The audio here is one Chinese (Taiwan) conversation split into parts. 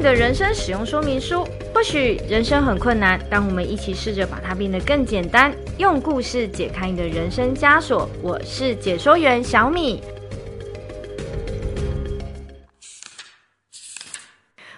你的人生使用說明書。或許人生很困難，但我們一起試着把它變得更簡單。用故事解開你的人生枷鎖。我是解說員小米。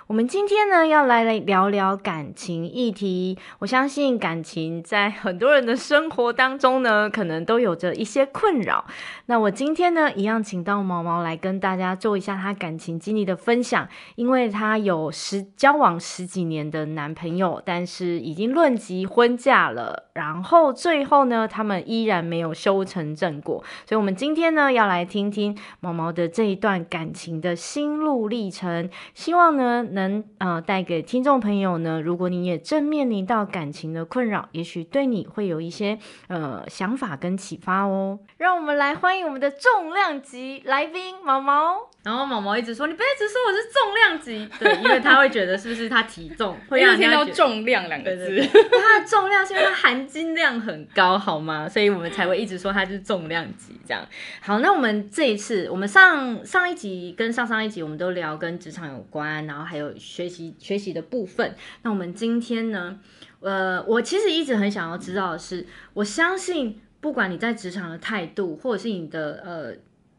我們今天呢要來聊聊感情議題。我相信感情在很多人的生活當中呢，可能都有着一些困擾。那我今天呢一樣請到毛毛來跟大家做一下她感情經歷的分享，因為她有十交往十幾年的男朋友，但是已經論及婚嫁了，然後最後呢他們依然沒有修成正果。所以，我們今天呢要來聽聽毛毛的這一段感情的心路歷程，希望呢能。能呃帶給聽眾朋友呢，如果你也正面臨到感情的困擾，也許對你會有一些呃想法跟啟發哦、喔。讓我們來歡迎我們的重量級來賓毛毛。然後毛毛一直說：“你不要一直說我是重量級，對，因為他會覺得是不是他體重 會讓你。”一聽到重量兩個字，對對對，他的重量是因為他含金量很高，好嗎？所以我們才會一直說他是重量級。這樣。好，那我們這一次，我們上上一集跟上上一集，我們都聊跟職場有關，然後還有學習學習的部分。那我們今天呢，呃，我其實一直很想要知道的是，我相信不管你在職場的態度，或者是你的呃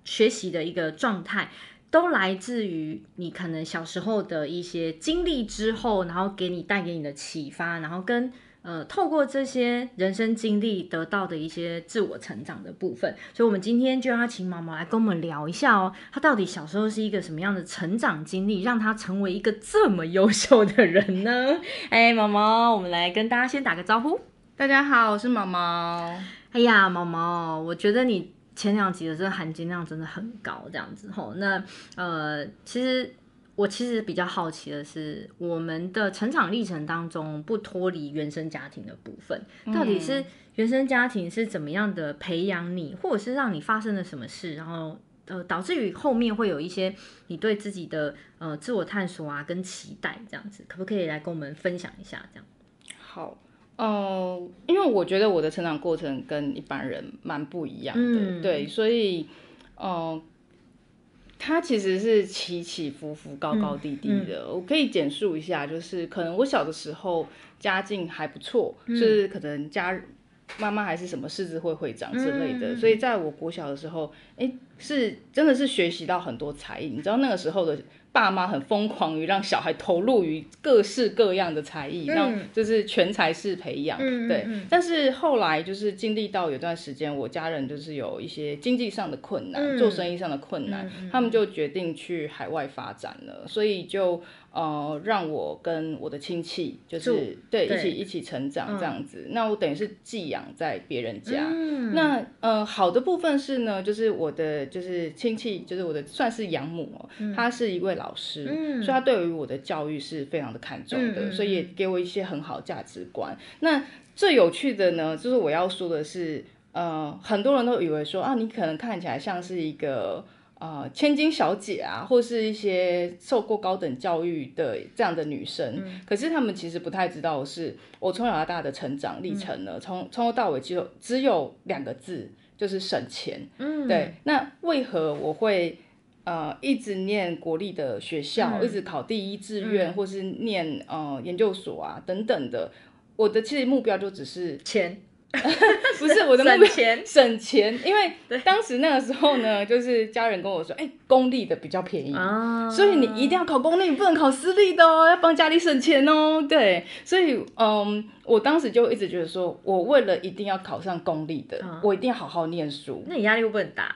學習的一個狀態，都來自於你可能小時候的一些經歷之後，然後給你帶給你的啟發，然後跟呃透過這些人生經歷得到的一些自我成長的部分。所以，我們今天就讓他請毛毛來跟我們聊一下哦，他到底小時候是一個什麼樣的成長經歷，讓他成為一個這麼優秀的人呢？哎、欸，毛毛，我們來跟大家先打個招呼。大家好，我是毛毛。哎呀，毛毛，我覺得你。前兩集的這個含金量真的很高，這樣子吼。那呃，其實我其實比較好奇的是，我們的成長歷程當中不脫離原生家庭的部分，嗯、到底是原生家庭是怎麼樣的培養你，或者是讓你發生了什麼事，然後呃導致於後面會有一些你對自己的呃自我探索啊跟期待這樣子，可不可以來跟我們分享一下？這樣子。好。嗯、呃，因為我覺得我的成長過程跟一般人蠻不一樣的，嗯、對，所以，呃，他其實是起起伏伏、高高低低的。嗯嗯、我可以簡述一下，就是可能我小的時候家境還不錯，嗯、就是可能家媽媽還是什麼獅子會會長之類的，嗯、所以在我國小的時候，哎、欸，是真的是學習到很多才藝。你知道那個時候的。爸媽很瘋狂於讓小孩投入於各式各樣的才藝，讓就是全才式培養，對。但是後來就是經歷到有段時間，我家人就是有一些經濟上的困難，做生意上的困難，他們就決定去海外發展了，所以就。呃，讓我跟我的親戚就是住對，對一起一起成長這樣子，嗯、那我等於是寄養在別人家。嗯、那呃，好的部分是呢，就是我的就是親戚就是我的算是養母，她、嗯、是一位老師，嗯、所以她對於我的教育是非常的看重的，嗯、所以也給我一些很好的價值觀。嗯、那最有趣的呢，就是我要說的是，呃，很多人都以為說啊，你可能看起來像是一個。啊，千金小姐啊，或是一些受過高等教育的這樣的女生，嗯、可是她們其實不太知道是，是我從小到大的成長歷程呢，從從頭到尾就只有兩個字，就是省錢。嗯，對。那為何我會呃一直念國立的學校，嗯、一直考第一志願，嗯、或是念呃研究所啊等等的？我的其實目標就只是錢。 不是我的目標，省錢，省錢，因為當時那個時候呢，對就是家人跟我說，哎、欸，公立的比較便宜，啊、所以你一定要考公立，你不能考私立的哦，要幫家裡省錢哦，對，所以嗯，我當時就一直覺得說，我為了一定要考上公立的，啊、我一定要好好念書，那你壓力會不會很大？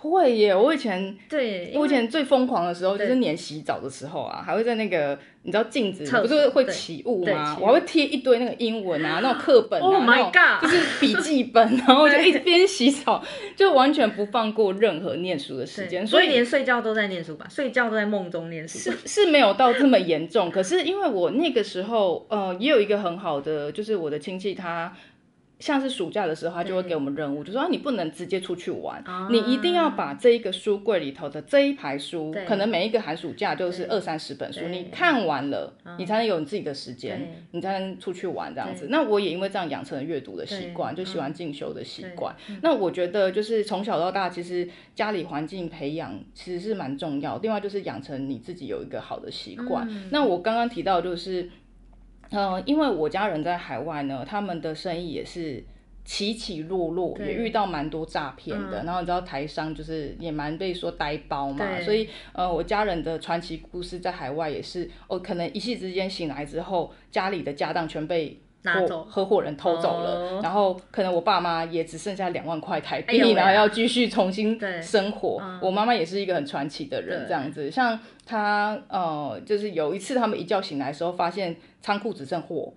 會耶！我以前對，我以前最瘋狂的時候就是連洗澡的時候啊，還會在那個你知道鏡子不是會起霧嗎？我還會貼一堆那個英文啊，那種課本，Oh My God，就是筆記本，然後我就一邊洗澡，就完全不放過任何念書的時間，所以連睡覺都在念書吧，睡覺都在夢中念書。是是沒有到這麼嚴重，可是因為我那個時候呃也有一個很好的，就是我的親戚他。像是暑假的時候，他就會給我們任務，就說你不能直接出去玩，你一定要把這一個書櫃裡頭的這一排書，可能每一個寒暑假就是二三十本書，你看完了，你才能有你自己的時間，你才能出去玩這樣子。那我也因為這樣養成了閱讀的習慣，就喜歡進修的習慣。那我覺得就是從小到大，其實家裡環境培養其實是蠻重要，另外就是養成你自己有一個好的習慣。那我剛剛提到就是。嗯，因為我家人在海外呢，他們的生意也是起起落落，對也遇到蠻多詐騙的。嗯、然後你知道台商就是也蠻被說呆包嘛，對所以呃、嗯，我家人的傳奇故事在海外也是，哦，可能一夕之間醒來之後，家裡的家當全被。拿走，合夥人偷走了，然後可能我爸媽也只剩下兩萬塊台幣，然後要繼續重新生活。我媽媽也是一個很傳奇的人，這樣子，像她呃，就是有一次他們一覺醒來的時候，發現倉庫只剩貨，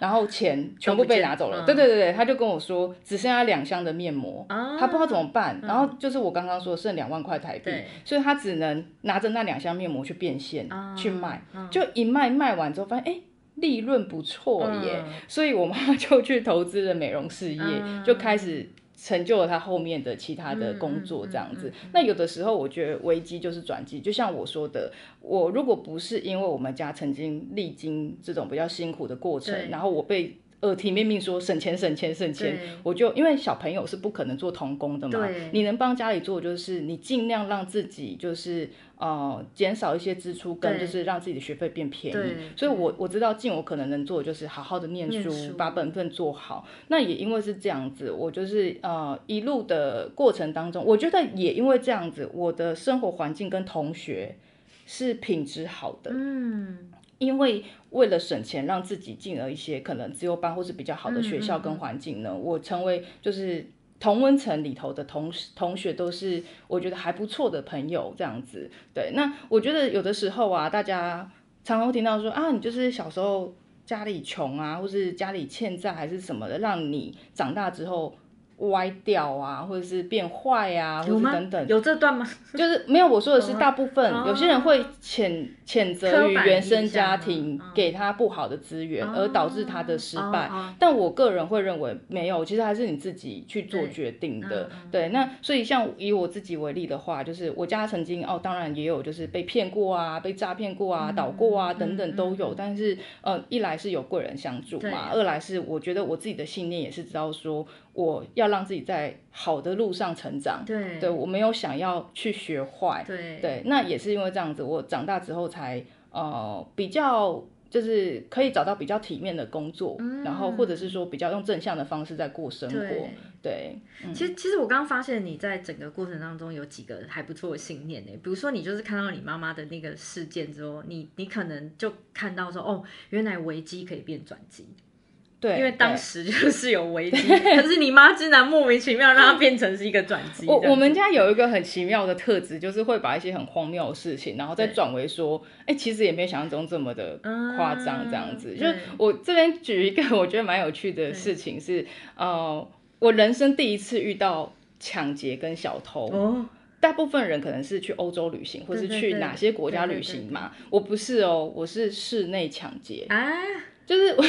然後錢全部被拿走了。對對對對，他就跟我說只剩下兩箱的面膜，他不知道怎麼辦。然後就是我剛剛說剩兩萬塊台幣，所以他只能拿着那兩箱面膜去變現，去賣，就一賣賣完之後發現哎。利潤不錯耶，嗯、所以我媽就去投資了美容事業，嗯、就開始成就了她後面的其他的工作這樣子。嗯嗯嗯、那有的時候我覺得危機就是轉機，就像我說的，我如果不是因為我們家曾經歷經這種比較辛苦的過程，嗯、然後我被。耳提面命說，省錢省錢省錢，對我就因為小朋友是不可能做童工的嘛，對你能幫家裡做就是你盡量讓自己就是呃減少一些支出，跟對就是讓自己的學費變便宜。所以我我知道盡我可能能做就是好好的念書，念書把本分做好。那也因為是這樣子，我就是呃一路的過程當中，我覺得也因為這樣子，我的生活環境跟同學是品質好的。嗯。因為為了省錢，讓自己進了一些可能資優班或是比較好的學校跟環境呢，嗯嗯嗯，我成為就是同溫層裡頭的同同學，都是我覺得還不錯的朋友這樣子。對，那我覺得有的時候啊，大家常常聽到說啊，你就是小時候家裡窮啊，或是家裡欠債還是什麼的，讓你長大之後。歪掉啊，或者是變壞啊，或者等等有。有這段嗎？ 就是沒有，我說的是大部分，有些人會譴譴、oh. oh. 責於原生家庭給他不好的資源，oh. 而導致他的失敗。Oh. Oh. Oh. 但我個人會認為沒有，其實還是你自己去做決定的。Oh. Oh. 對，那所以像以我自己為例的話，就是我家曾經哦，當然也有就是被騙過啊，被詐騙過啊，mm hmm. 倒過啊等等都有。Mm hmm. 但是嗯、呃，一來是有貴人相助嘛，啊、二來是我覺得我自己的信念也是知道說。我要讓自己在好的路上成長，對，對，我沒有想要去學壞，對，對，那也是因為這樣子，我長大之後才，呃，比較就是可以找到比較體面的工作，嗯，然後或者是說比較用正向的方式在過生活，對。對嗯，其實，其實我剛剛發現你在整個過程當中有幾個還不錯的信念呢，比如說你就是看到你媽媽的那個事件之後，你你可能就看到說，哦，原來危機可以變轉機。對，因為當時就是有危機，可對是你媽竟然莫名其妙讓它變成是一個轉機。我我們家有一個很奇妙的特質，就是會把一些很荒謬的事情，然後再轉為說，哎對、欸，其實也沒想象中這麼的誇張，這樣子。啊、就我這邊舉一個我覺得蠻有趣的事情是，對呃，我人生第一次遇到搶劫跟小偷。哦，大部分人可能是去歐洲旅行或是去哪些國家旅行嘛，對對對對對我不是哦，我是室內搶劫啊。就是我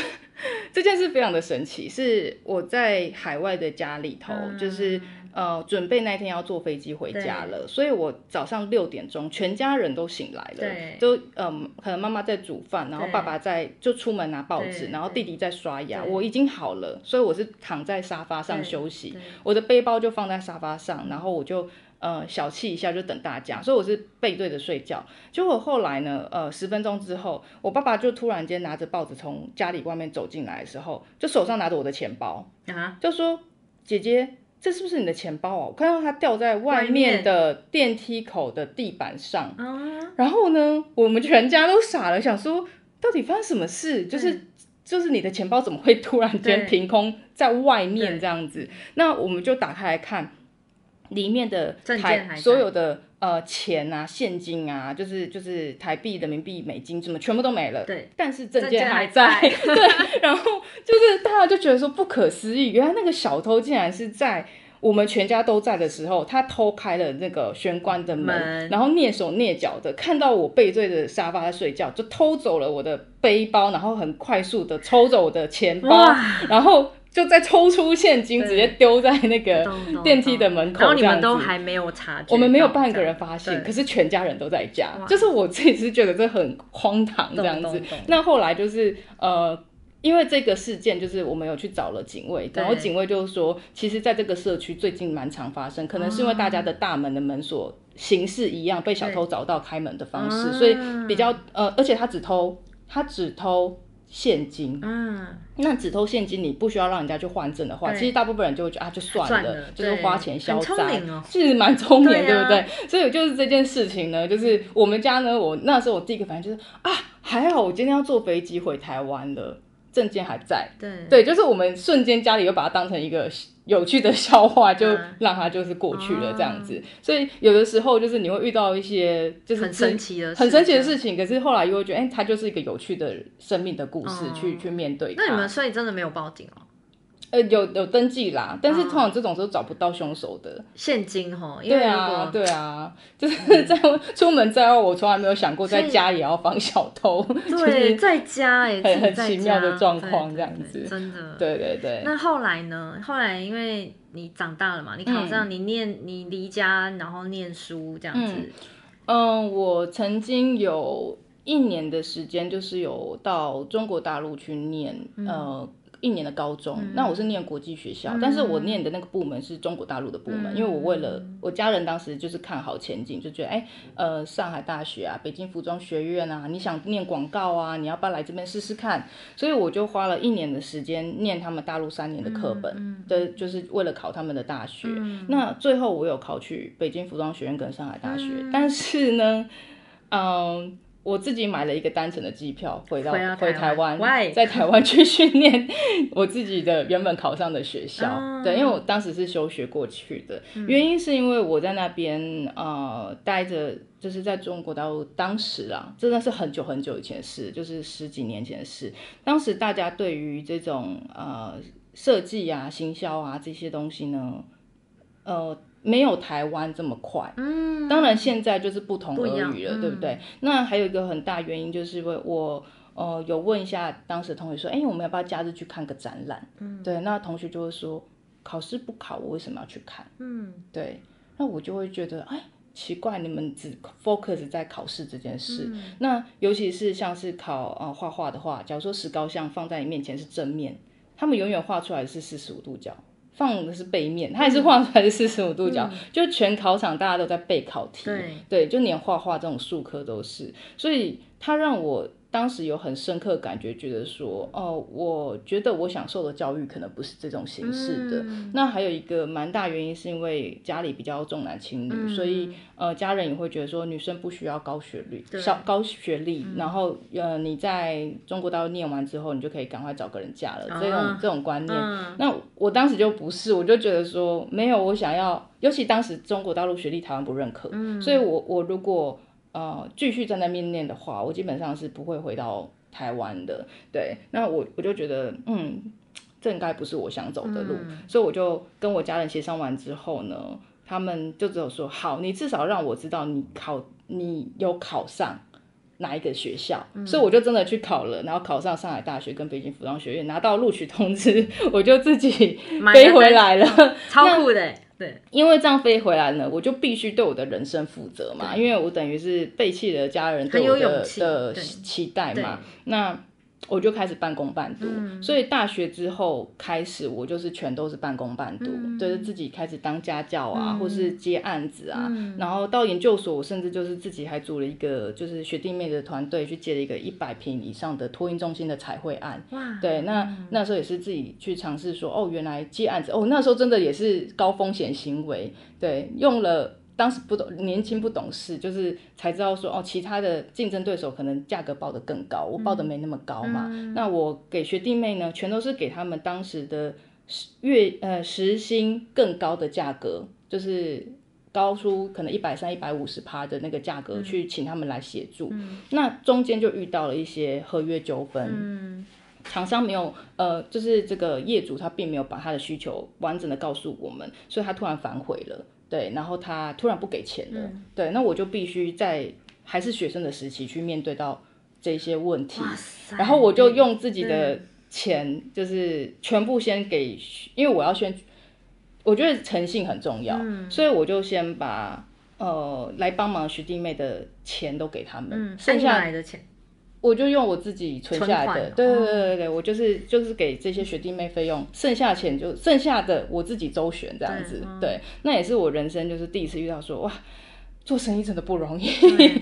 這件事非常的神奇，是我在海外的家裡頭，啊、就是呃，準備那天要坐飛機回家了，對所以我早上六點鐘全家人都醒來了，對就嗯，可能媽媽在煮飯，然後爸爸在對就出門拿報紙，對然後弟弟在刷牙，對我已經好了，所以我是躺在沙發上休息，我的背包就放在沙發上，然後我就。呃，小憩一下就等大家，所以我是背對着睡覺。結果後來呢，呃，十分鐘之後，我爸爸就突然間拿着報紙從家裡外面走進來的時候，就手上拿着我的錢包啊，就說：“姐姐，這是不是你的錢包啊？我看到它掉在外面的電梯口的地板上。外面？”啊，然後呢，我們全家都傻了，想說到底發生什麼事？就是、嗯、就是你的錢包怎麼會突然間憑空在外面這樣子？那我們就打開來看。裡面的台，證件還在，所有的呃錢啊現金啊，就是就是台幣人民幣美金什麼全部都沒了，對，但是證件還在，還在 對，然後就是大家就覺得說不可思議，原來那個小偷竟然是在我們全家都在的時候，他偷開了那個玄關的門，門，然後躡手躡腳的看到我背對着沙發在睡覺，就偷走了我的背包，然後很快速的抽走我的錢包，哇然後。就在抽出現金，直接丟在那個電梯的門口。你們都還沒有查，我們沒有半個人發現，可是全家人都在家，就是我自己是覺得這很荒唐這樣子。那後來就是呃，因為這個事件，就是我們有去找了警衛，然後警衛就是說，其實在這個社區最近蠻常發生，可能是因為大家的大門的門鎖形式一樣，被小偷找到開門的方式，所以比較呃，而且他只偷，他只偷。現金，嗯，那只偷現金，你不需要讓人家去換證的話，嗯、其實大部分人就會覺得啊，就算了，算了，就是花錢消災，是蠻聰明、哦，其實蠻聰明對不對？對啊、所以就是這件事情呢，就是我們家呢，我那時候我第一個反應就是啊，還好我今天要坐飛機回台灣了。證件還在，對對，就是我們瞬間家裡又把它當成一個有趣的笑話，嗯啊、就讓它就是過去了這樣子。嗯啊、所以有的時候就是你會遇到一些就是很神奇的事、很神奇的事情，就可是後來又會覺得，哎、欸，它就是一個有趣的生命的故事，嗯、去去面對。那你們所以真的沒有報警哦？呃，有有登記啦，但是通常這種時候找不到凶手的、啊、現金哦。因為對啊，對啊， 就是在出門在外，我從來沒有想過在家也要防小偷。以 很對，在家也是很奇妙的狀況這樣子，真的。對對對。對對對，那後來呢？後來因為你長大了嘛，你考上，你念，嗯、你離家然後念書這樣子。嗯、呃，我曾經有一年的時間，就是有到中國大陸去念，呃。嗯一年的高中，那我是念國際學校，嗯、但是我念的那個部門是中國大陸的部門，嗯、因為我為了我家人當時就是看好前景，就覺得誒、欸、呃，上海大學啊，北京服裝學院啊，你想念廣告啊，你要不要來這邊試試看？所以我就花了一年的時間念他們大陸三年的課本，的、嗯、就是為了考他們的大學。嗯、那最後我有考去北京服裝學院跟上海大學，嗯、但是呢，嗯、呃。我自己買了一個單程的機票，回到，回，到台，回台灣，Why? 在台灣去訓練我自己的原本考上的學校。Oh. 對，因為我當時是休學過去的，嗯、原因是因為我在那邊呃待着，就是在中國大陸，當時啊，真的是很久很久以前的事，就是十幾年前的事。當時大家對於這種呃設計啊、行銷啊這些東西呢，呃。沒有台灣這麼快，嗯，當然現在就是不同而語了，不嗯、對不對？那還有一個很大原因就是我，我，呃，有問一下當時的同學說，哎，我們要不要假日去看個展覽？嗯，對，那同學就會說，考試不考，我為什麼要去看？嗯，對，那我就會覺得，哎，奇怪，你們只 focus 在考試這件事，嗯、那尤其是像是考、呃、畫畫的話，假如說石膏像放在你面前是正面，他們永遠畫出來是四十五度角。放的是背面，它也是畫出來的四十五度角，嗯、就全考場大家都在背考題，嗯、對，就連畫畫這種術科都是，所以它讓我。當時有很深刻的感覺，覺得說，哦，我覺得我想受的教育可能不是這種形式的。嗯、那還有一個蠻大原因，是因為家裡比較重男輕女，嗯、所以呃，家人也會覺得說，女生不需要高學歷，對小高學歷，嗯、然後呃，你在中國大陸念完之後，你就可以趕快找個人嫁了。啊、這種這種觀念，嗯、那我當時就不是，我就覺得說，沒有，我想要，尤其當時中國大陸學歷台灣不認可，嗯、所以我我如果。呃，繼續站在面念的話，我基本上是不會回到台灣的。對，那我我就覺得，嗯，這應該不是我想走的路，嗯、所以我就跟我家人協商完之後呢，他們就只有說，好，你至少讓我知道你考，你有考上哪一個學校。嗯、所以我就真的去考了，然後考上上海大學跟北京服裝學院，拿到錄取通知，我就自己飛回來了，超酷的。對，因為這樣飛回來呢，我就必須對我的人生負責嘛，對因為我等於是背棄了家人對我的的期待嘛，那。我就開始半工半讀，嗯、所以大學之後開始，我就是全都是半工半讀，嗯、就是自己開始當家教啊，嗯、或是接案子啊，嗯、然後到研究所，我甚至就是自己還組了一個就是學弟妹的團隊去接了一個一百坪以上的托嬰中心的彩繪案。哇對，那、嗯、那時候也是自己去嘗試說，哦，原來接案子，哦，那時候真的也是高風險行為。對，用了。當時不懂，年輕不懂事，就是才知道說哦，其他的競爭對手可能價格報的更高，嗯、我報的沒那麼高嘛。嗯、那我給學弟妹呢，全都是給他們當時的月呃時薪更高的價格，就是高出可能一百三、一百五十趴的那個價格，嗯、去請他們來協助。嗯、那中間就遇到了一些合約糾紛，嗯，廠商沒有呃，就是這個業主他並沒有把他的需求完整的告訴我們，所以他突然反悔了。對，然後他突然不給錢了，嗯、對，那我就必須在還是學生的時期去面對到這些問題，哇塞，然後我就用自己的錢，就是全部先給，嗯、因為我要先，我覺得誠信很重要，嗯、所以我就先把呃來幫忙學弟妹的錢都給他們，嗯、剩下來的錢。我就用我自己存下來的，對款對對對對，哦、我就是就是給這些學弟妹費用，剩下錢就剩下的我自己周旋這樣子，對，哦、對，那也是我人生就是第一次遇到說哇，做生意真的不容易，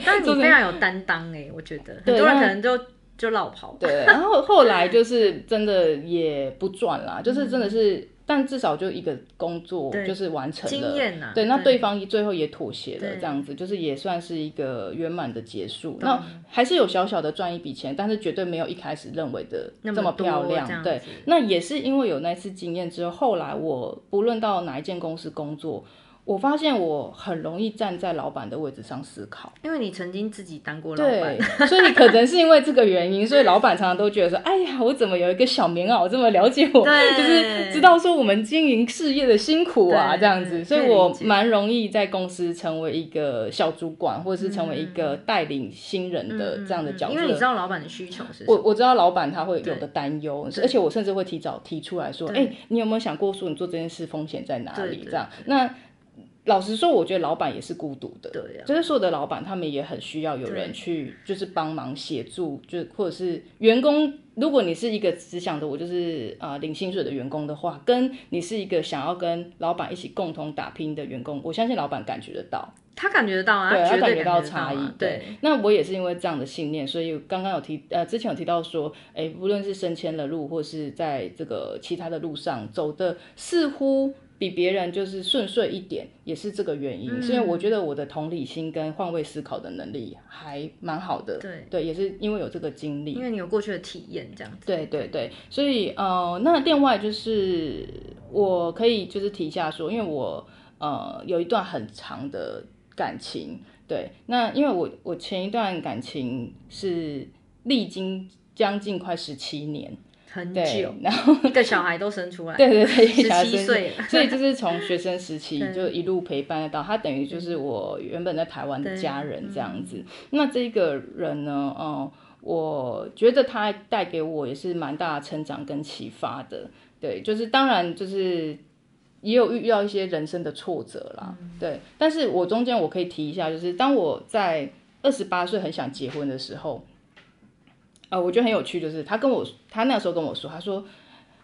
但是你對非常有擔當哎、欸，我覺得對很多人可能就就落跑，對，然後後來就是真的也不賺啦，嗯、就是真的是。但至少就一個工作對就是完成了，經驗啊、對，那對方最後也妥協了，這樣子對就是也算是一個圓滿的結束。對那還是有小小的賺一筆錢，但是絕對沒有一開始認為的這麼漂亮。對，那也是因為有那次經驗之後，後來我不論到哪一間公司工作。我發現我很容易站在老闆的位置上思考，因為你曾經自己當過老闆，所以你可能是因為這個原因， 所以老闆常常都覺得說，哎呀，我怎麼有一個小棉袄這麼了解我，對就是知道說我們經營事業的辛苦啊，這樣子，所以我蠻容易在公司成為一個小主管，或者是成為一個帶領新人的這樣的角色，嗯嗯嗯、因為你知道老闆的需求是什麼？我我知道老闆他會有的擔憂，對而且我甚至會提早提出來說，哎，對、欸，你有沒有想過說你做這件事風險在哪裡？對對對這樣，那。老實說，我覺得老闆也是孤獨的。對呀，就是所有的老闆，他們也很需要有人去，就是幫忙協助，對就或者是員工。如果你是一個只想着我就是啊、呃、領薪水的員工的話，跟你是一個想要跟老闆一起共同打拼的員工，我相信老闆感覺得到，他感覺得到啊，他感覺到差異。對，對，那我也是因為這樣的信念，所以剛剛有提呃，之前有提到說，哎，不論是升遷的路，或是在這個其他的路上走的，似乎。比別人就是順遂一點，也是這個原因，因、嗯、所以，我覺得我的同理心跟換位思考的能力還蠻好的。對對，也是因為有這個經歷。因為你有過去的體驗，這樣子。對對對，所以呃，那另外就是我可以就是提一下說，因為我呃有一段很長的感情，對，那因為我我前一段感情是歷經將近快十七年。很久，然後 一個小孩都生出來，對對對，十七歲，歲所以就是從學生時期就一路陪伴到他，等於就是我原本在台灣的家人這樣子。那這一個人呢，哦，我覺得他帶給我也是蠻大的成長跟啟發的。對，就是當然就是也有遇遇到一些人生的挫折啦。嗯、對，但是我中間我可以提一下，就是當我在二十八歲很想結婚的時候。呃，我覺得很有趣，就是他跟我，他那時候跟我說，他說，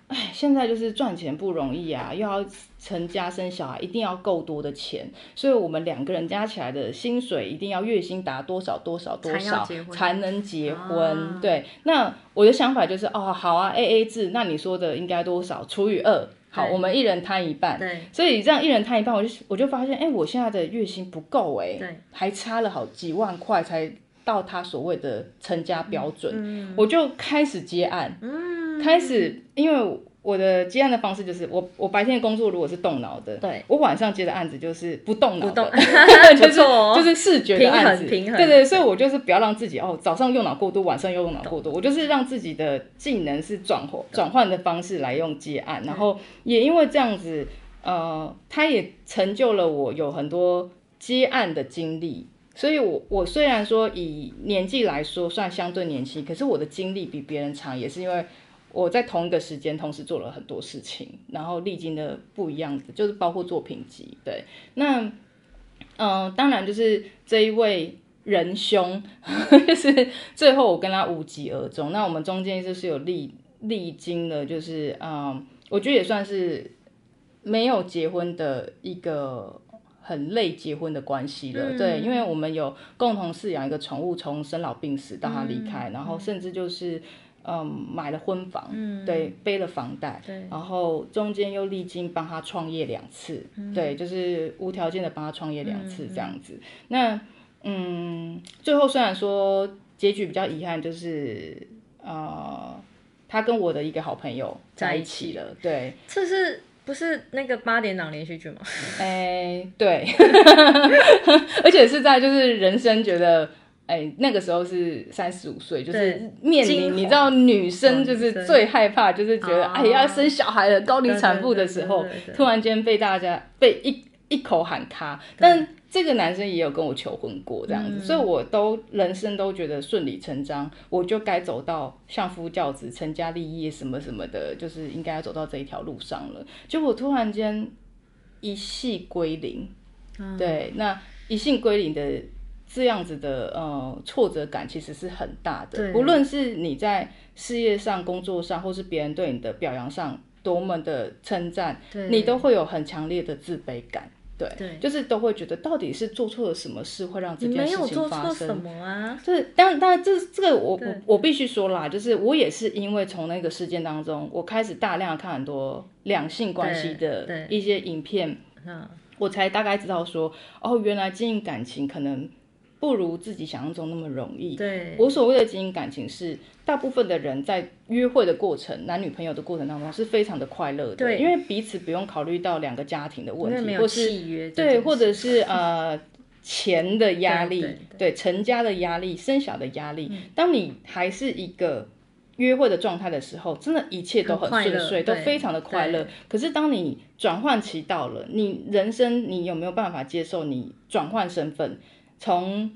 哎，現在就是賺錢不容易啊，又要成家生小孩，一定要夠多的錢，所以我們兩個人加起來的薪水一定要月薪達多少多少多少，才，才能結婚。啊、對，那我的想法就是，哦，好啊，A A 制，那你說的應該多少除以二，好，對我們一人攤一半。對，所以這樣一人攤一半，我就我就發現，哎，我現在的月薪不夠哎，對，還差了好幾萬塊才。到他所謂的成家標準，嗯嗯、我就開始接案。嗯、開始，因為我的接案的方式就是，我我白天的工作如果是動腦的，對，我晚上接的案子就是不動腦的，不動 就是 就是視覺的案子。平衡，平衡對，對對，所以我就是不要讓自己哦，早上用腦過度，晚上又用腦過度。懂我就是讓自己的技能是轉換轉換的方式來用接案，嗯、然後也因為這樣子，呃，他也成就了我有很多接案的經歷。所以我，我我雖然說以年紀來說算相對年輕，可是我的經歷比別人長，也是因為我在同一個時間同時做了很多事情，然後歷經的不一樣的，就是包括作品集。對。那嗯、呃，當然就是這一位仁兄，呵呵就是最後我跟他無疾而終。那我們中間就是有歷歷經了，就是嗯、呃，我覺得也算是沒有結婚的一個。很累，結婚的關係了，嗯、對，因為我們有共同飼養一個寵物，從生老病死到他離開，嗯、然後甚至就是，嗯，買了婚房，嗯、對，背了房貸，對、然後中間又歷經幫他創業兩次，嗯、對，就是無條件的幫他創業兩次這樣子。嗯、那，嗯，最後雖然說結局比較遺憾，就是，呃，他跟我的一個好朋友在一起了，嗯、對，這是。不是那個八點檔連續劇嗎？哎、欸，對， 而且是在就是人生覺得哎、欸，那個時候是三十五歲，對就是面臨恐你知道女生就是最害怕，就是覺得、嗯、哎要生小孩了，高齡產婦的時候，突然間被大家被一一口喊卡對但。這個男生也有跟我求婚過，這樣子，嗯、所以我都人生都覺得順理成章，我就該走到相夫教子、成家立業什麼什麼的，就是應該要走到這一條路上了。結果突然間一夕歸零，嗯、對，那一夕歸零的這樣子的呃挫折感其實是很大的。無論對是你在事業上、工作上，或是別人對你的表揚上多麼的稱讚，嗯、你都會有很強烈的自卑感。對，對就是都會覺得到底是做錯了什麼事會讓這件事情發生？沒有做錯什麼啊！就是當當然，但但這這個我我對我必須說啦，就是我也是因為從那個事件當中，我開始大量看很多兩性關係的一些影片，嗯對，我才大概知道說，嗯、哦，原來經營感情可能。不如自己想象中那麼容易。對，我所謂的經營感情是，大部分的人在約會的過程、男女朋友的過程當中是非常的快樂的，對因為彼此不用考慮到兩個家庭的問題，或是契約，對，或者是 呃錢的壓力，對,對,對,對，成家的壓力、生小的壓力。嗯、當你還是一個約會的狀態的時候，真的，一切都很順遂，都非常的快樂。可是當你轉換期到了，你人生你有沒有辦法接受你轉換身份？從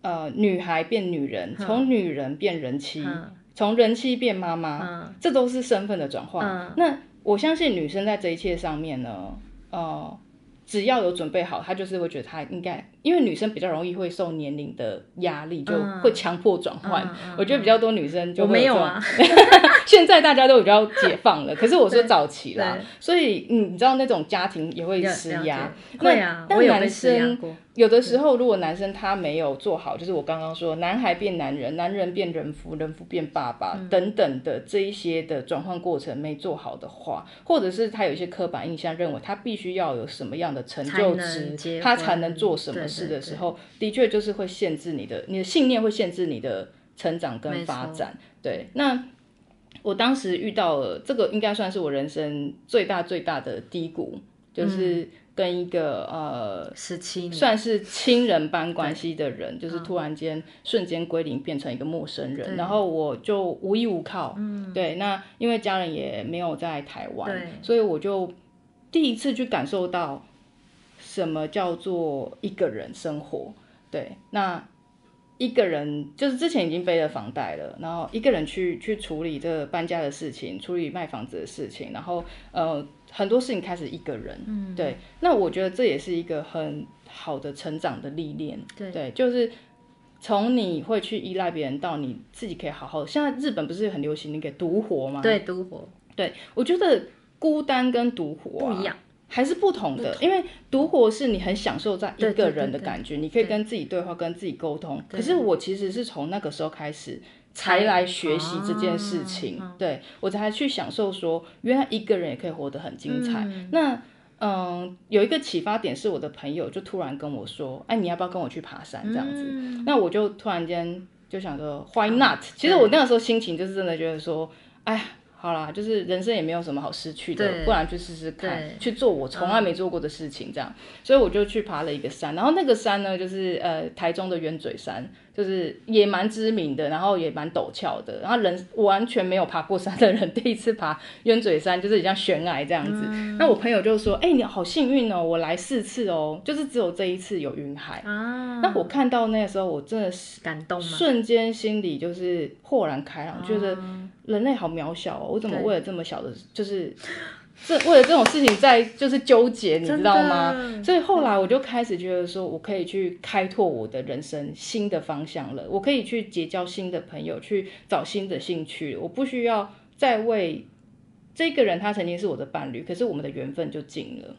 呃女孩變女人，從女人變人妻，從、啊、人妻變媽媽，啊、這都是身份的轉換。啊、那我相信女生在這一切上面呢，呃，只要有準備好，她就是會覺得她應該，因為女生比較容易會受年齡的壓力，就會強迫轉換。啊、我覺得比較多女生就會有沒有啊。 現在大家都比較解放了，可是我說早期啦，所以、嗯、你知道那種家庭也會施壓，對啊，那當男生。有的時候，如果男生他沒有做好，對就是我剛剛說，男孩變男人，男人變人夫，人夫變爸爸、嗯、等等的這一些的轉換過程沒做好的話，或者是他有一些刻板印象，認為他必須要有什麼樣的成就值，才他才能做什麼事的時候，對對對的確就是會限制你的，你的信念會限制你的成長跟發展。錯對，那我當時遇到了這個，應該算是我人生最大最大的低谷，就是。嗯跟一個呃，十七年算是親人般關係的人，對就是突然間瞬間歸零，變成一個陌生人，對然後我就無依無靠。嗯、對，那因為家人也沒有在台灣，對所以我就第一次去感受到什麼叫做一個人生活。對，那一個人就是之前已經背了房貸了，然後一個人去去處理這個搬家的事情，處理賣房子的事情，然後呃。很多事情開始一個人，嗯，對，那我覺得這也是一個很好的成長的歷練，對，對，就是從你會去依賴別人到你自己可以好好。現在日本不是很流行那個獨活嗎？對，獨活。對，我覺得孤單跟獨活啊，不一樣，還是不同的，同因為獨活是你很享受在一個人的感覺，對對對對，你可以跟自己對話，對，跟自己溝通。對，可是我其實是從那個時候開始。才來學習這件事情，嗯啊、對我才去享受說，原來一個人也可以活得很精彩。嗯那嗯，有一個啟發點是我的朋友就突然跟我說，哎，你要不要跟我去爬山這樣子？嗯、那我就突然間就想說，Why not？、嗯、其實我那個時候心情就是真的覺得說，哎，好啦，就是人生也沒有什麼好失去的，對不然去試試看，對去做我從來沒做過的事情這樣。嗯、所以我就去爬了一個山，然後那個山呢，就是呃，台中的鳶嘴山。就是也蠻知名的，然後也蠻陡峭的，然後人完全沒有爬過山的人、嗯、第一次爬鳶嘴山，就是像懸崖這樣子。嗯、那我朋友就說：“哎、欸，你好幸運哦，我來四次哦，就是只有這一次有雲海。”啊，那我看到那個時候，我真的是感動，瞬間心裡就是豁然開朗，嗯、覺得人類好渺小哦，我怎麼為了這麼小的，就是。是為了這種事情在就是糾結， 你知道嗎？的所以後來我就開始覺得說，我可以去開拓我的人生新的方向了，我可以去結交新的朋友，去找新的興趣，我不需要再為這個人，他曾經是我的伴侶，可是我們的緣分就盡了。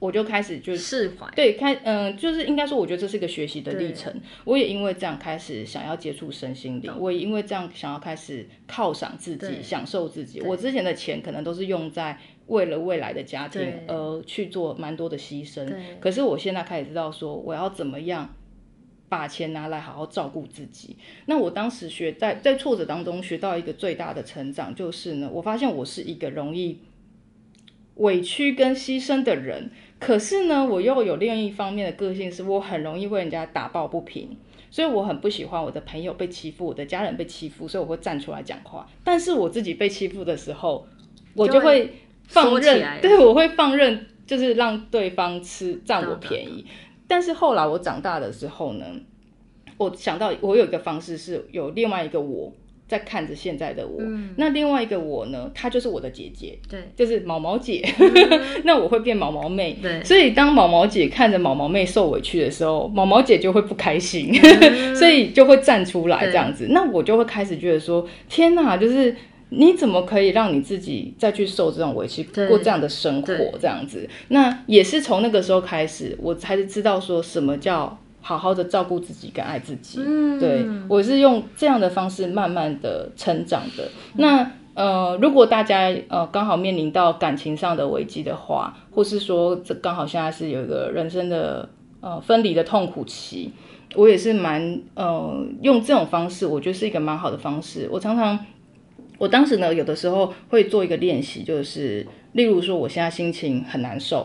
我就開始就是釋懷，懷對，開嗯，就是應該說，我覺得這是一個學習的歷程。對我也因為這樣開始想要接觸身心靈，oh. 我也因為這樣想要開始犒賞自己，對享受自己。對我之前的錢可能都是用在為了未來的家庭而去做蠻多的犧牲，對可是我現在開始知道說，我要怎麼樣把錢拿來好好照顧自己。那我當時學在在挫折當中學到一個最大的成長，就是呢，我發現我是一個容易委屈跟犧牲的人。可是呢，我又有另一方面的個性，是我很容易為人家打抱不平，所以我很不喜歡我的朋友被欺負，我的家人被欺負，所以我會站出來講話。但是我自己被欺負的時候，我就會放任，對，我會放任，就是讓對方吃，佔我便宜。啊啊啊啊、但是後來我長大的時候呢，我想到我有一個方式，是有另外一個我。在看着現在的我，嗯、那另外一個我呢？她就是我的姐姐，對，就是毛毛姐。嗯、 那我會變毛毛妹，對。所以當毛毛姐看着毛毛妹受委屈的時候，毛毛姐就會不開心， 所以就會站出來這樣子。嗯、那我就會開始覺得說：對天哪，就是你怎麼可以讓你自己再去受這種委屈，對過這樣的生活這樣子？那也是從那個時候開始，我才是知道才知道說什麼叫好好的照顧自己跟愛自己，嗯、對我是用這樣的方式慢慢的成長的。那呃，如果大家呃剛好面臨到感情上的危機的話，或是說這剛好現在是有一個人生的呃分離的痛苦期，我也是蠻呃用這種方式，我覺得是一個蠻好的方式。我常常，我當時呢有的時候會做一個練習，就是例如說我現在心情很難受，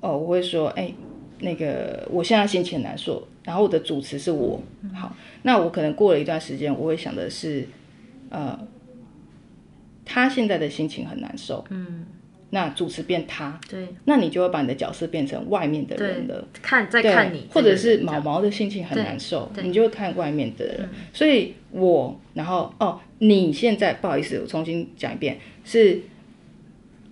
哦、呃，我會說欸。欸那個，我現在心情很難受。然後我的主持是我，嗯、好，那我可能過了一段時間，我會想的是，呃，他現在的心情很難受，嗯，那主持變他，對，那你就會把你的角色變成外面的人了，看對對再看你對，或者是毛毛的心情很難受，你就會看外面的人。對所以，我，然後哦，你現在不好意思，我重新講一遍，是。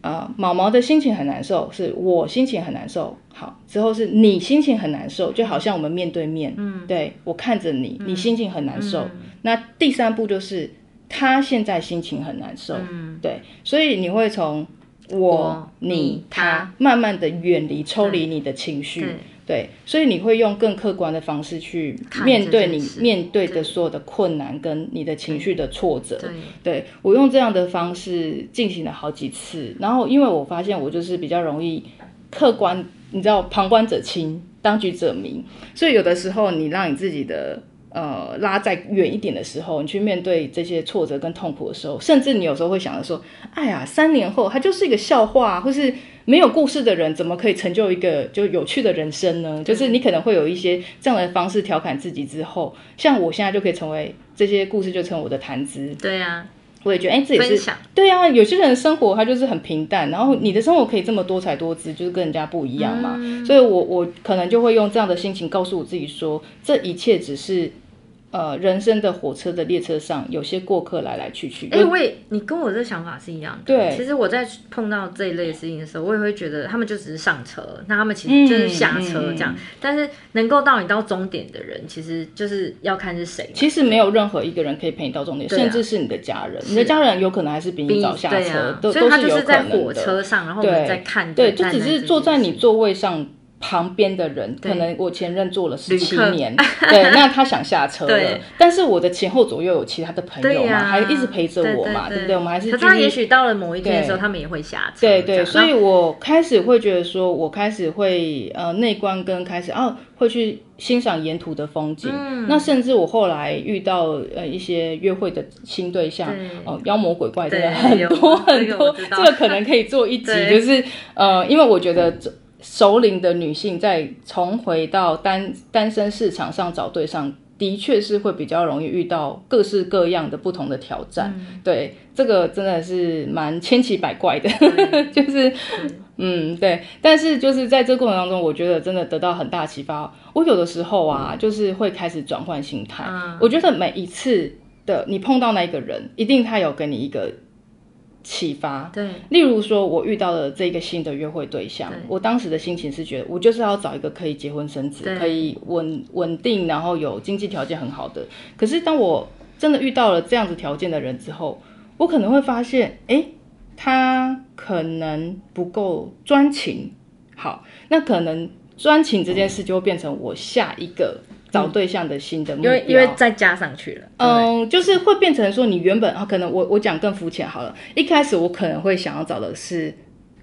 啊，uh, 毛毛的心情很難受，是我心情很難受。好，之後是你心情很難受，就好像我們面對面，嗯、對，我看着你，你心情很難受。嗯、那第三步就是他現在心情很難受，嗯、對，所以你會從我、我你、他她慢慢的遠離、抽離你的情緒。嗯嗯對，所以你會用更客觀的方式去面對你面對的所有的困難跟你的情緒的挫折。對，對，對，我用這樣的方式進行了好幾次。然後，因為我發現我就是比較容易客觀，你知道，旁觀者清，當局者迷。所以有的時候，你讓你自己的。呃，拉再遠一點的時候，你去面對這些挫折跟痛苦的時候，甚至你有時候會想着說：“哎呀，三年後他就是一個笑話，或是沒有故事的人怎麼可以成就一個就有趣的人生呢？”對就是你可能會有一些這樣的方式調侃自己，之後，像我現在就可以成為這些故事，就成為我的談資。對啊，我也覺得哎，這、欸、也是想享對啊。有些人的生活他就是很平淡，然後你的生活可以這麼多彩多姿，就是跟人家不一樣嘛。嗯、所以我，我我可能就會用這樣的心情告訴我自己說：“這一切只是。”呃，人生的火車的列車上，有些過客來來去去。哎、欸，我也，你跟我這想法是一樣的。對，其實我在碰到這一類事情的時候，我也會覺得他們就只是上車，那他們其實就是下車這樣。嗯嗯、但是能夠到你到終點的人，其實就是要看是誰。其實沒有任何一個人可以陪你到終點，啊、甚至是你的家人，是你的家人有可能還是比你早下車，所以他就是在火車上，對然後我們在看，對,在對，就只是坐在你座位上。旁邊的人可能我前任坐了十七年，對，那他想下車了，但是我的前後左右有其他的朋友嘛，還一直陪着我嘛，對不對？我們還是繼續。可他也許到了某一天的時候，他們也會下車。對對，所以我開始會覺得說，我開始會呃內觀，跟開始哦會去欣賞沿途的風景。那甚至我後來遇到呃一些約會的新對象哦，妖魔鬼怪真的很多很多，這個可能可以做一集，就是呃，因為我覺得。熟齡的女性在重回到單單身市場上找對象，的確是會比較容易遇到各式各樣的不同的挑戰。嗯、對，這個真的是蠻千奇百怪的，嗯、 就是，嗯，嗯，對。但是就是在這個過程當中，我覺得真的得到很大啟發。我有的時候啊，嗯、就是會開始轉換心態。啊、我覺得每一次的你碰到那一個人，一定他有給你一個。啟發，對，例如說，我遇到了這個新的約會對象，對，我當時的心情是覺得，我就是要找一個可以結婚生子，對，可以穩穩定，然後有經濟條件很好的。可是當我真的遇到了這樣子條件的人之後，我可能會發現，誒、欸，他可能不夠專情。好，那可能專情這件事就會變成我下一個。嗯找對象的心的目的，因為、嗯、因為再加上去了，嗯，嗯，就是會變成說，你原本、啊、可能我我講更膚淺好了，一開始我可能會想要找的是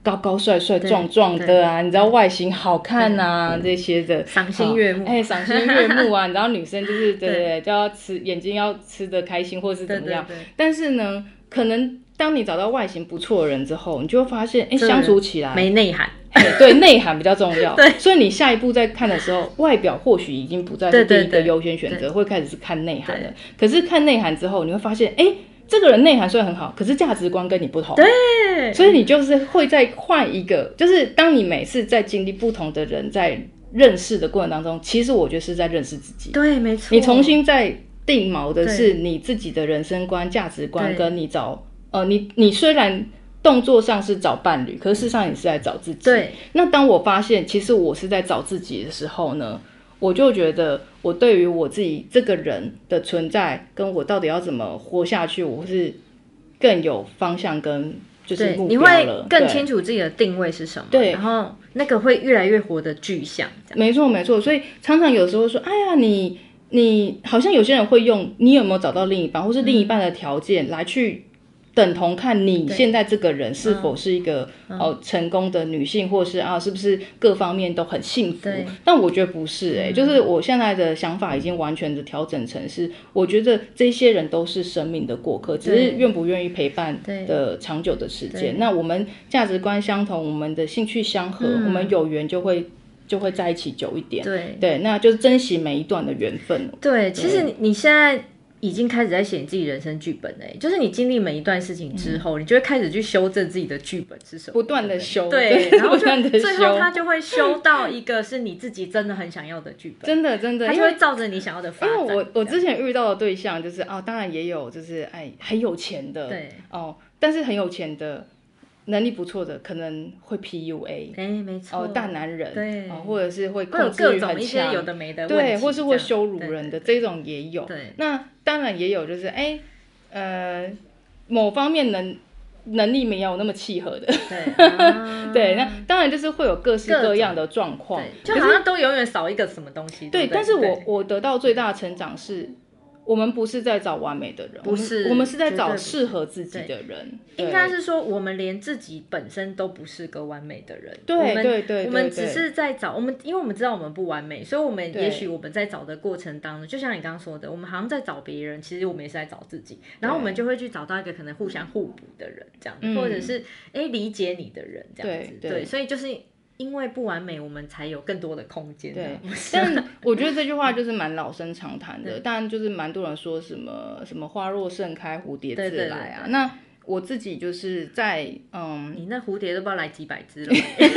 高高帥帥壯壯的啊，你知道外形好看啊這些的，賞心悅目，哎、欸、賞心悅目啊， 你知道女生就是對，對對，就要吃眼睛要吃得開心或者是怎麼樣，對對對，但是呢，可能當你找到外形不錯的人之後，你就會發現，哎、欸，對相處起來沒內涵。Hey, 對內 涵比較重要， 對，所以你下一步在看的時候，外表或許已經不再是第一個優先選擇，對對對，會開始是看內涵了，對對對。可是看內涵之後，你會發現，哎對、欸，這個人內涵雖然很好，可是價值觀跟你不同，對，所以你就是會再換一個，就是當你每次在經歷不同的人在認識的過程當中，其實我覺得是在認識自己，對，沒錯，你重新再定錨的是你自己的人生觀、價對值觀，跟你找，對呃，你你雖然。動作上是找伴侶，可是事實上也是在找自己。對。那當我發現其實我是在找自己的時候呢，我就覺得我對於我自己這個人的存在，跟我到底要怎麼活下去，我是更有方向跟就是目標了。你會更清楚自己的定位是什麼？對。然後那個會越來越活的具象。沒錯，沒錯。所以常常有時候說，哎呀，你你好像有些人會用你有沒有找到另一半，或是另一半的條件來去。等同看你現在這個人是否是一個哦成功的女性，或是啊是不是各方面都很幸福？但我覺得不是哎，就是我現在的想法已經完全的調整成是，我覺得這些人都是生命的過客，只是願不願意陪伴的長久的時間。那我們價值觀相同，我們的興趣相合，我們有緣就會就會在一起久一點。對對，那就是珍惜每一段的緣分。對，其實你你現在。已經開始在寫你自己人生劇本嘞，就是你經歷每一段事情之後，嗯、你就會開始去修正自己的劇本是什麼，不斷的修，對，對，對對，然後就最後他就會修到一個是你自己真的很想要的劇本，真的 真的，真的他就會照着你想要的發展。因為我樣我之前遇到的對象就是啊、哦，當然也有就是哎很有錢的，對哦，但是很有錢的。能力不錯的可能會 PUA，哎，沒錯，哦，大男人，對，或者是會控制慾很強，各種一些有的沒的，對，或是會羞辱人的這種也有，對，那當然也有就是，哎，呃，某方面能能力沒有那麼契合的，對，那當然就是會有各式各樣的狀況，就好像都永遠少一個什麼東西，對，但是我我得到最大的成長是。我們不是在找完美的人，不是，我們是在找適合自己的人。對應該是說，我們連自己本身都不是個完美的人。對對對，我們只是在找我們，因為我們知道我們不完美，所以我們也許我們在找的過程當中，對就像你剛剛說的，我們好像在找別人，其實我們也是在找自己。對然後我們就會去找到一個可能互相互補的人，這樣子，嗯、或者是哎、欸、理解你的人，這樣子。對，所以就是。因為不完美，我們才有更多的空間。對，嗎但我覺得這句話就是蠻老生常談的。 對但就是蠻多人說什麼什麼花若盛開，蝴蝶自來啊。對對對對對，那我自己就是在嗯，你那蝴蝶都不知道來幾百隻了。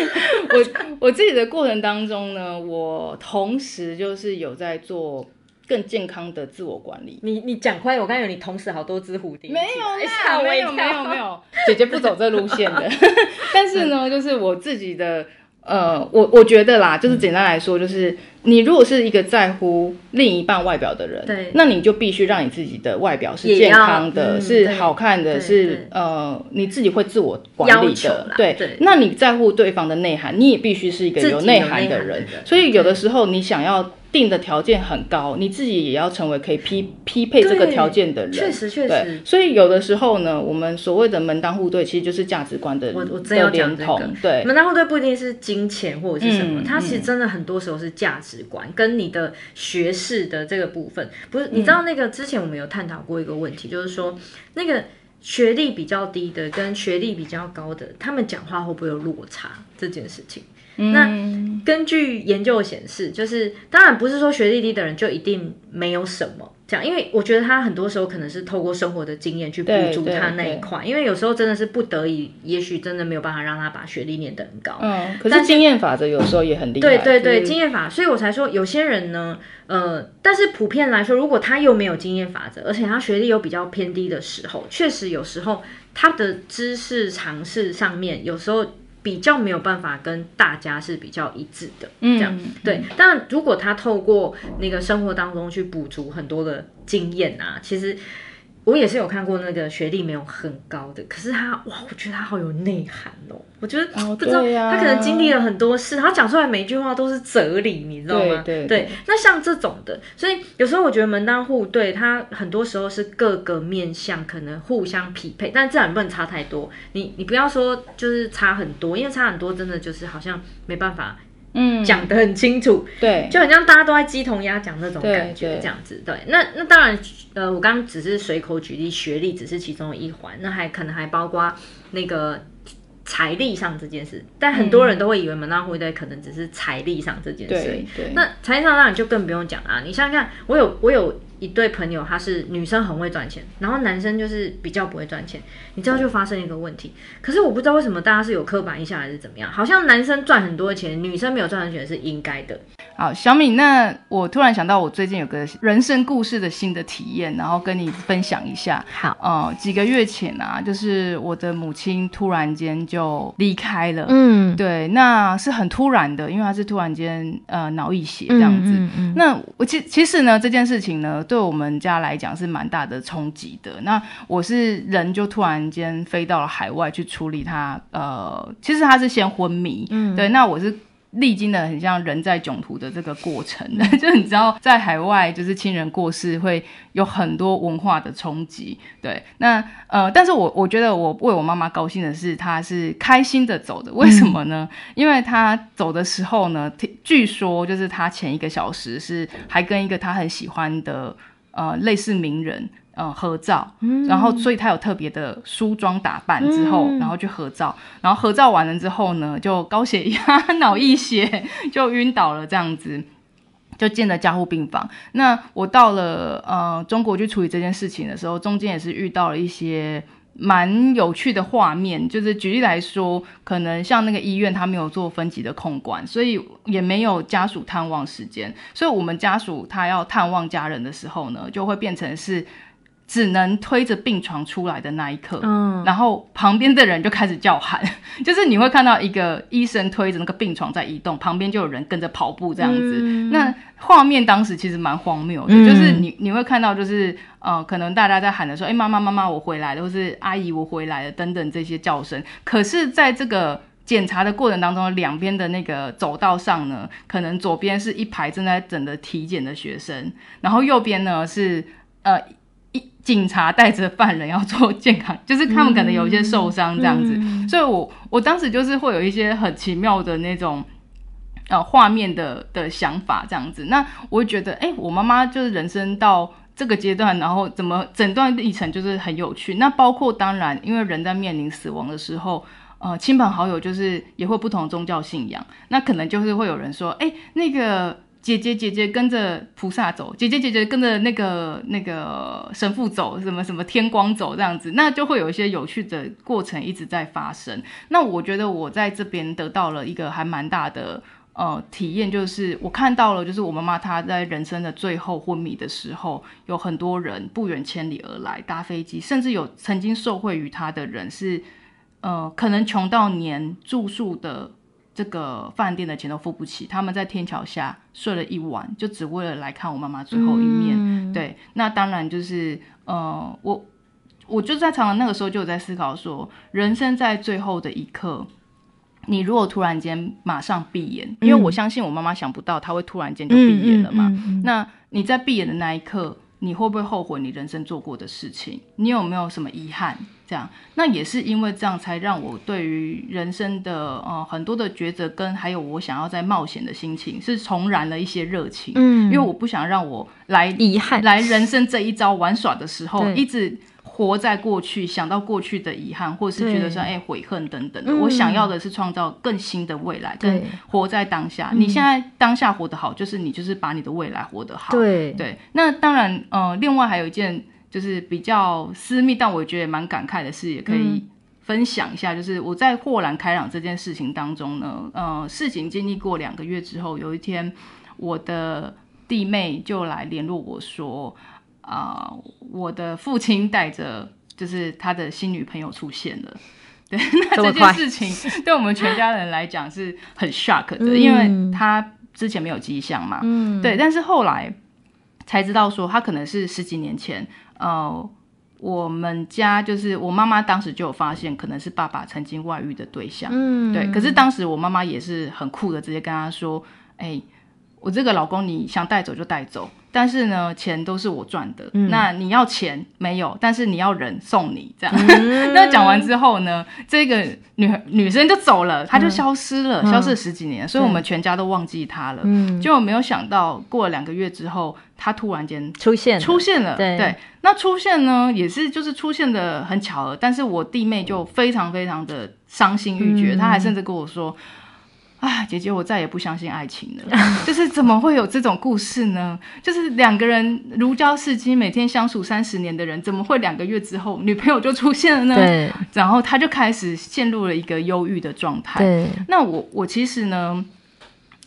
我我自己的過程當中呢，我同時就是有在做更健康的自我管理。你你講快，我剛才有你同時好多隻蝴蝶。沒有啦，欸、沒有沒有沒有，姐姐不走這路線的。 但是呢，是就是我自己的。呃，我我覺得啦，就是簡單來說，就是、嗯、你如果是一個在乎另一半外表的人，對、嗯，那你就必須讓你自己的外表是健康的，嗯、是好看的，是呃，你自己會自我管理的，對。對那你在乎對方的內涵，你也必須是一個有內涵的人。的的所以有的時候你想要。定的條件很高，你自己也要成為可以匹匹配這個條件的人。確實確實。對，所以有的時候呢，我們所謂的門當戶對，其實就是價值觀的。我我真要講這個。對。門當戶對不一定是金錢或者是什麼，它，嗯、其實真的很多時候是價值觀、嗯、跟你的學識的這個部分。不是，嗯、你知道那個之前我們有探討過一個問題，就是說那個學歷比較低的跟學歷比較高的，他們講話會不會有落差這件事情？那、嗯、根據研究顯示，就是當然不是說學歷低的人就一定沒有什麼這樣，因為我覺得他很多時候可能是透過生活的經驗去補足他那一塊，因為有時候真的是不得已，也許真的沒有辦法讓他把學歷唸得很高。嗯，可是經驗法則有時候也很厲害是。 對對對，經驗法，所以我才說有些人呢，呃，但是普遍來說，如果他又沒有經驗法則，而且他學歷又比較偏低的時候，確實有時候他的知識常識上面有時候。比較沒有辦法跟大家是比較一致的，嗯，這樣對。嗯，但如果他透過那個生活當中去補足很多的經驗啊，其實我也是有看過那個學歷沒有很高的，可是他哇，我覺得他好有內涵哦、喔。我覺得不知道、oh, 啊、他可能經歷了很多事，他講出來每一句話都是哲理，你知道嗎？對、對、對、對，那像這種的，所以有時候我覺得門當戶對，他很多時候是各個面向可能互相匹配，但至少不能差太多。你你不要說就是差很多，因為差很多真的就是好像沒辦法，講得很清楚。嗯、對，就很像大家都在雞同鴨講那種感覺，對對這樣子。對，那那當然，呃，我剛剛只是隨口舉例，學歷只是其中的一環，那還可能還包括那個。財力上這件事，但很多人都會以為門當戶對可能只是財力上這件事。嗯、對，對。那財力上，那你就更不用講啊。你想想看，我有我有一對朋友，她是女生很會賺錢，然後男生就是比較不會賺錢。你知道就發生一個問題，哦、可是我不知道為什麼大家是有刻板印象還是怎麼樣，好像男生賺很多錢，女生沒有賺很多錢是應該的。好，小敏。那我突然想到，我最近有個人生故事的新的體驗，然後跟你分享一下。好，哦、呃，幾個月前啊，就是我的母親突然間就離開了。嗯，對，那是很突然的，因為她是突然間呃腦溢血這樣子。嗯嗯嗯，那我其其實呢，這件事情呢，對我們家來講是蠻大的衝擊的。那我是人就突然間飛到了海外去處理她，呃，其實她是先昏迷。嗯，對，那我是。歷經的很像人在囧途的這個過程，就你知道，在海外就是親人過世會有很多文化的衝擊。對，那呃，但是我我覺得我為我媽媽高興的是，她是開心的走的。為什麼呢？嗯、因為她走的時候呢，據說就是她前一個小時是還跟一個她很喜歡的呃類似名人。嗯，合照，然後所以他有特別的梳妝打扮之後，嗯、然後去合照，然後合照完了之後呢，就高血壓腦溢血就暈倒了，這樣子就進了加護病房。那我到了呃中國去處理這件事情的時候，中間也是遇到了一些蠻有趣的畫面，就是舉例來說，可能像那個醫院他沒有做分級的控管，所以也沒有家屬探望時間，所以我們家屬他要探望家人的時候呢，就會變成是。只能推着病床出來的那一刻，嗯、然後旁邊的人就開始叫喊，就是你會看到一個醫生推着那個病床在移動，旁邊就有人跟着跑步這樣子。嗯、那畫面當時其實蠻荒謬的，嗯、就是你你會看到就是呃，可能大家在喊的時候：“哎、嗯欸，媽媽，媽媽，媽，我回來了！”或是“阿姨，我回來了”等等這些叫聲。可是，在這個檢查的過程當中，兩邊的那個走道上呢，可能左邊是一排正在等着體檢的學生，然後右邊呢是呃。警察帶着犯人要做健康，就是他們可能有一些受傷這樣子，嗯嗯、所以我我當時就是會有一些很奇妙的那種，呃，畫面的的想法這樣子。那我會覺得，哎、欸，我媽媽就是人生到這個階段，然後怎麼診斷歷程就是很有趣。那包括當然，因為人在面臨死亡的時候，呃，親朋好友就是也會不同宗教信仰，那可能就是會有人說，哎、欸，那個。姐姐姐姐跟着菩薩走，姐姐姐姐,姐跟着那個那個神父走，什麼什麼天光走這樣子，那就會有一些有趣的過程一直在發生。那我覺得我在這邊得到了一個還蠻大的呃體驗，就是我看到了，就是我媽媽她在人生的最後昏迷的時候，有很多人不遠千里而來搭飛機，甚至有曾經受惠於她的人是呃可能窮到連住宿的。這個飯店的錢都付不起，他們在天橋下睡了一晚，就只為了來看我媽媽最後一面。嗯、對，那當然就是，呃，我我就在常常那個時候就有在思考說，人生在最後的一刻，你如果突然間馬上閉眼，嗯、因為我相信我媽媽想不到她會突然間就閉眼了嘛。嗯嗯嗯嗯嗯，那你在閉眼的那一刻，你會不會後悔你人生做過的事情？你有沒有什麼遺憾？那也是因為這樣，才讓我對於人生的呃很多的抉擇，跟還有我想要再冒險的心情，是重燃了一些熱情。嗯，因為我不想讓我來遺憾，來人生這一遭玩耍的時候，對一直活在過去，想到過去的遺憾，或是覺得說哎對、欸、悔恨等等。嗯、我想要的是創造更新的未來，對，活在當下。嗯、你現在當下活得好，就是你就是把你的未來活得好。對對，那當然，呃，另外還有一件。就是比較私密，但我覺得蠻感慨的事，也可以分享一下。嗯、就是我在豁然開朗這件事情當中呢，呃，事情經歷過兩個月之後，有一天我的弟妹就來聯絡我說，啊、呃，我的父親帶着就是他的新女朋友出現了。對，那這件事情對我們全家人來講是很 shock 的，嗯、因為他之前沒有跡象嘛。嗯，對，但是後來。才知道說他可能是十幾年前，呃，我們家就是我媽媽當時就有發現，可能是爸爸曾經外遇的對象。嗯，對。可是當時我媽媽也是很酷的，直接跟他說：“哎、欸，我這個老公你想帶走就帶走，但是呢，錢都是我賺的，嗯、那你要錢沒有，但是你要人送你這樣。嗯” 那講完之後呢，這個女女生就走了，她就消失了，嗯、消失了十幾年，嗯、所以我們全家都忘記她了。嗯對，就沒有想到過了兩個月之後。他突然間出現，出現了，出現了，對，對，那出現呢，也是就是出現得很巧了，但是我弟妹就非常非常的傷心欲絕，嗯、她還甚至跟我說：“啊，姐姐，我再也不相信愛情了，嗯、就是怎麼會有這種故事呢？嗯、就是兩個人如膠似漆，每天相處三十年的人，怎麼會兩個月之後女朋友就出現了呢？”對，然後他就開始陷入了一個憂鬱的狀態。對，那我我其實呢，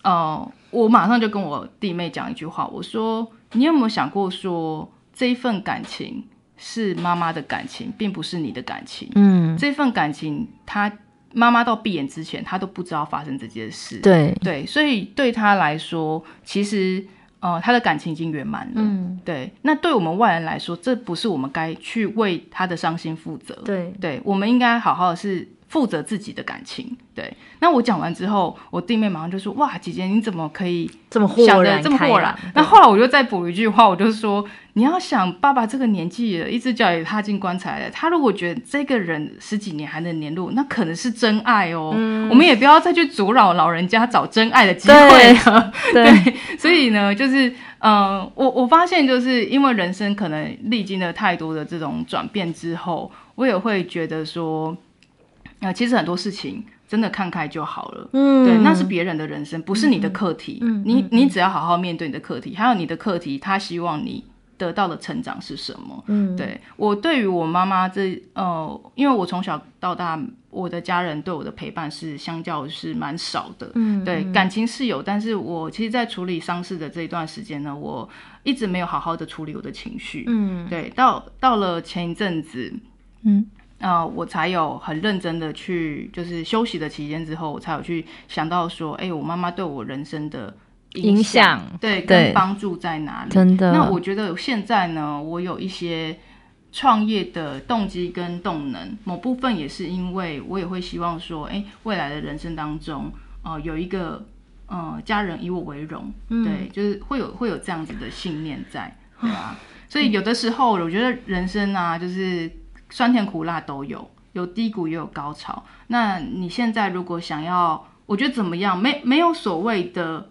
呃，我馬上就跟我弟妹講一句話，我說。你有沒有想過說，這一份感情是媽媽的感情，並不是你的感情？嗯，這份感情，他媽媽到閉眼之前，他都不知道發生這件事。對對，所以對他來說，其實呃，他的感情已經圓滿了。嗯，對。那對我們外人來說，這不是我們該去為他的傷心負責。對對，我們應該好好的是。負責自己的感情，對。那我講完之後，我弟妹馬上就說：“哇，姐姐你怎麼可以這麼豁然開朗、啊！對那後來我就再補一句話，我就說：“你要想，爸爸這個年紀了，一隻腳也踏進棺材了。他如果覺得這個人十幾年還能黏住，那可能是真愛哦。嗯，我們也不要再去阻撓老人家找真愛的機會了。”對， 對對，所以呢，就是嗯、呃，我我發現就是因為人生可能歷經了太多的這種轉變之後，我也會覺得說。其實很多事情真的看開就好了。嗯，對，那是別人的人生，不是你的課題。嗯、你、嗯、你只要好好面對你的課題，嗯、還有你的課題，他希望你得到的成長是什麼？嗯，對我對於我媽媽這哦、呃，因為我從小到大，我的家人對我的陪伴是相較是蠻少的。嗯，對，感情是有，但是我其實，在處理喪事的這一段時間呢，我一直沒有好好的處理我的情緒。嗯，對，到到了前一陣子，嗯。啊、呃，我才有很認真的去，就是休息的期間之後，我才有去想到說，哎、欸，我媽媽對我人生的影響，影響，對，對跟幫助在哪裡？真的。那我覺得現在呢，我有一些創業的動機跟動能，某部分也是因為我也會希望說，哎、欸，未來的人生當中，哦、呃，有一個，嗯、呃，家人以我為榮，嗯、對，就是會有會有這樣子的信念在，對啊。嗯、所以有的時候，我覺得人生啊，就是。酸甜苦辣都有，有低谷也有高潮。那你現在如果想要，我覺得怎麼樣？沒沒有所謂的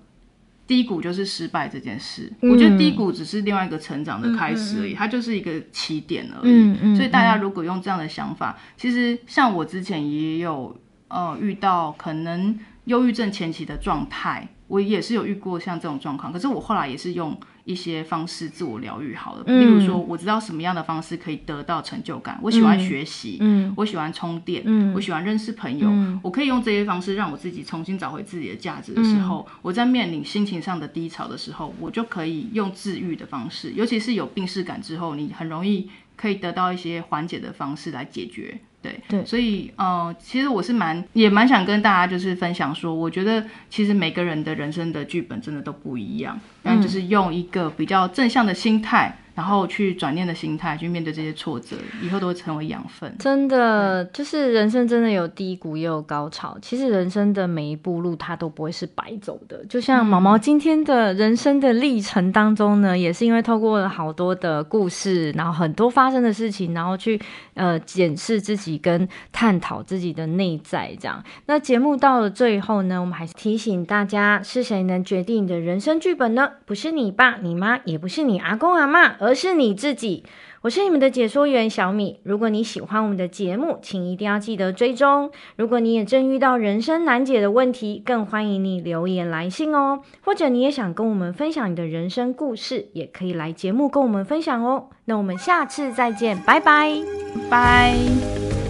低谷就是失敗這件事。嗯、我覺得低谷只是另外一個成長的開始而已，嗯、它就是一個起點而已。嗯、所以大家如果用這樣的想法，嗯、其實像我之前也有呃遇到可能憂鬱症前期的狀態，我也是有遇過像這種狀況。可是我後來也是用。一些方式自我療癒好了，比如說，我知道什麼樣的方式可以得到成就感，嗯、我喜歡學習，嗯、我喜歡充電，嗯、我喜歡認識朋友，嗯、我可以用這些方式讓我自己重新找回自己的價值的時候，嗯、我在面臨心情上的低潮的時候，我就可以用治癒的方式，尤其是有病識感之後，你很容易可以得到一些緩解的方式來解決。對對，對，所以呃，其實我是蠻也蠻想跟大家就是分享說，我覺得其實每個人的人生的劇本真的都不一樣，那、嗯、就是用一個比較正向的心態。然後去轉念的心態去面對這些挫折，以後都會成為養分。真的，對就是人生真的有低谷也有高潮。其實人生的每一步路，它都不會是白走的。就像毛毛今天的人生的歷程當中呢，嗯、也是因為透過了好多的故事，然後很多發生的事情，然後去呃檢視自己跟探討自己的內在。這樣，那節目到了最後呢，我們還是提醒大家，是誰能決定你的人生劇本呢？不是你爸、你媽，也不是你阿公阿媽。而是你自己，我是你們的解說員小米。如果你喜歡我們的節目，請一定要記得追蹤。如果你也正遇到人生難解的問題，更歡迎你留言來信哦。或者你也想跟我們分享你的人生故事，也可以來節目跟我們分享哦。那我們下次再見，拜拜拜。Bye.